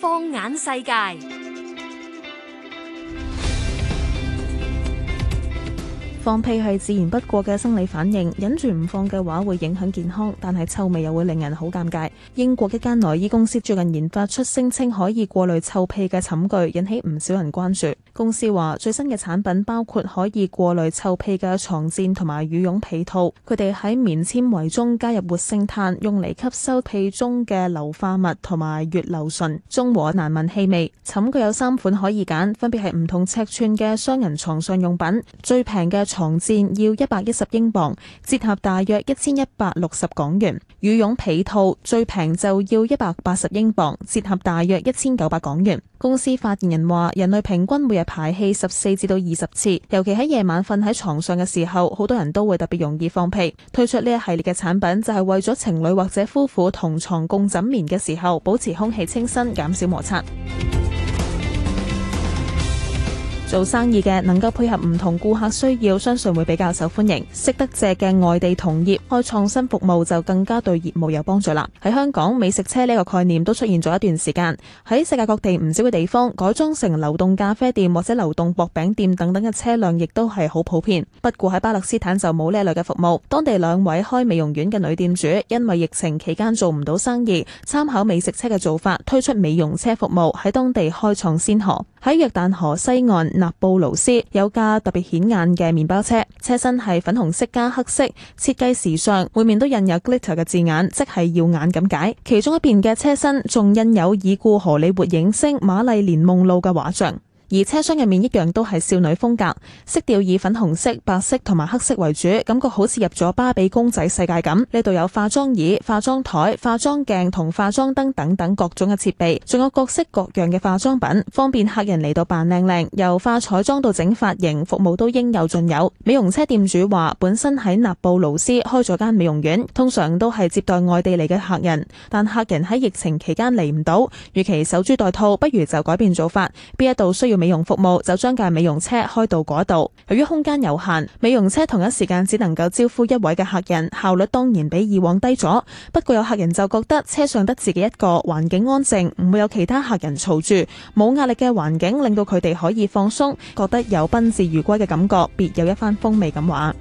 放眼世界。放屁係自然不過嘅生理反應，忍住唔放嘅話會影響健康，但係臭味又會令人好尷尬。英國一間內衣公司最近研發出聲稱可以過濾臭屁嘅寢具，引起唔少人關注。公司話最新嘅產品包括可以過濾臭屁嘅床墊同埋羽絨被套，佢哋喺棉纖維中加入活性炭，用嚟吸收屁中嘅硫化物同埋乙硫醇，中和難聞氣味。寢具有三款可以揀，分別係唔同尺寸嘅雙人床上用品，最平嘅床墊要一百一十英鎊，折合大約一千一百六十港元；羽絨被套最平就要一百八十英鎊，折合大約一千九百港元。公司發言人話：人類平均每日排氣十四至到二十次，尤其喺夜晚瞓喺床上嘅時候，好多人都會特別容易放屁。推出呢一系列嘅產品就係為咗情侶或者夫婦同床共枕眠嘅時候，保持空氣清新，減少摩擦。做生意嘅能夠配合唔同顧客需要，相信會比較受歡迎。識得借嘅外地同業開創新服務就更加對業務有幫助啦。喺香港，美食車呢個概念都出現咗一段時間，喺世界各地唔少嘅地方，改裝成流動咖啡店或者流動薄餅店等等嘅車輛亦都係好普遍。不過喺巴勒斯坦就冇呢類嘅服務，當地兩位開美容院嘅女店主，因為疫情期間做唔到生意，參考美食車嘅做法，推出美容車服務，喺當地開創先河。喺約旦河西岸，納布勞斯有架特別顯眼嘅麵包車，車身係粉紅色加黑色，設計時尚，每面都印有 glitter 嘅字眼，即係耀眼咁解。其中一邊嘅車身仲印有已故荷里活影星瑪麗蓮夢露嘅畫像。而車廂入面一樣都係少女風格，色調以粉紅色、白色同埋黑色為主，感覺好似入咗芭比公仔世界咁。呢度有化妝椅、化妝台、化妝鏡同化妝燈等等各種嘅設備，仲有各式各樣嘅化妝品，方便客人嚟到扮靚靚，由化彩妝到整髮型，服務都應有盡有。美容車店主話：本身喺納布勞斯開咗間美容院，通常都係接待外地嚟嘅客人，但客人喺疫情期間嚟唔到，與其守株待兔，不如就改變做法，邊一度需要？美容服務就將架美容車開到嗰度，由於空間有限，美容車同一時間只能夠招呼一位嘅客人，效率當然比以往低咗。不過有客人就覺得車上得自己一個，環境安靜，唔會有其他客人嘈住，冇壓力嘅環境令到佢哋可以放鬆，覺得有賓至如歸嘅感覺，別有一番風味咁話。